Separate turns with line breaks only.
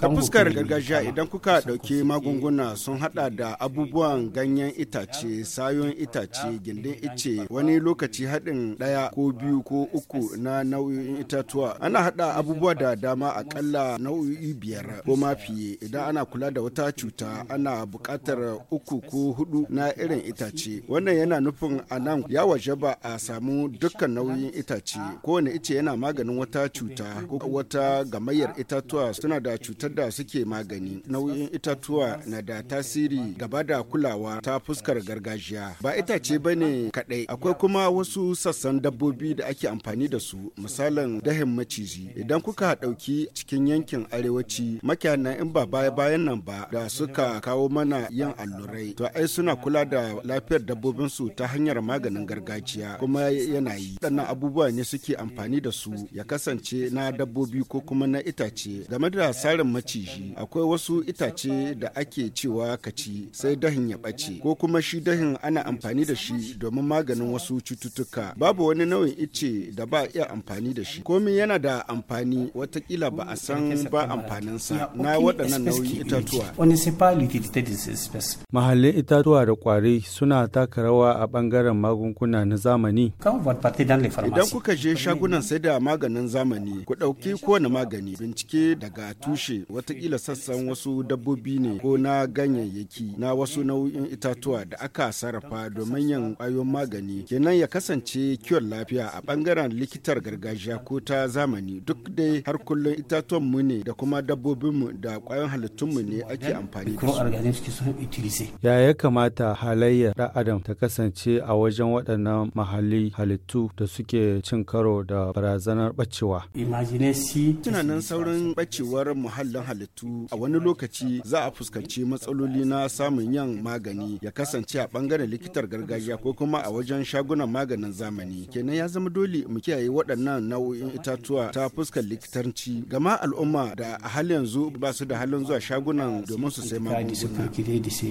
ta fuskar
gargajiya idan kuka ɗauki magunguna sun hada da abubuwan ganyen itace sayon itace gindin ice wani lokaci haɗin ɗaya ko biyu ko uku na nau'in itatuwa ana hada abubuwa da dama akalla nau'i biyar ko ma fiye idan ana kula da wata cuta ana bukatar uku ko hudu na irin itace wannan yana nufin a nan ya waje ba a samu dukkan nau'in itace kowane ice yana maganin wata cuta ko wata gamayyar itatuwa suna da cutar da suke magani nauyin itatuwa na da tasiri gaba da kulawa ta fuskar gargajiya ba itace ba ne kadai. akwai kuma wasu sassan dabbobi da ake amfani da su misalin dahin maciji idan kuka ɗauki cikin yankin arewaci makiyana in ba baya bayan nan ba da suka kawo mana yin allurai to ai suna kula da lafiyar dabbobin su ta hanyar maganin gargajiya kuma yana yi abubuwa ne suke amfani da su ya kasance na dabbobi ko kuma na itace game da sarin maciji akwai wasu itace da ake cewa kaci sai dahin ya ɓace ko kuma shi dahin ana amfani da shi domin maganin wasu cututtuka babu wani nau'in ice da ba iya amfani da shi komi yana da amfani watakila ba a san ba amfaninsa na waɗannan nau'in itatuwa
mahallin itatuwa da kwari suna taka rawa a ɓangaren magunguna na zamani idan kuka je shagunan
sai da maganin zamani ku ɗauki kowane magani bincike daga tushe watakila sassan wasu dabbobi ne ko na ganyayyaki na wasu nau'in itatuwa da aka sarrafa domin yin kwayoyin magani kenan ya kasance kiwon lafiya a bangaren likitar gargajiya ko ta zamani duk dai har kullum itatuwan mu ne da kuma mu da kwayoyin mu ne ake amfani da
su ya ya kamata halayyar da adam ta kasance a wajen waɗannan mahalli halittu da suke cin karo da barazanar bacewa. Imagine
si tunanin saurin ɓacewar muhallin halittu a wani lokaci za a fuskanci matsaloli na samun yan magani ya kasance a bangaren likitar gargajiya ko kuma a wajen shagunan maganin zamani kenan ya zama dole mu kiyaye waɗannan nau'in itatuwa ta fuskar likitanci gama al'umma da a halin yanzu ba su da halin zuwa shagunan domin su sai magunguna.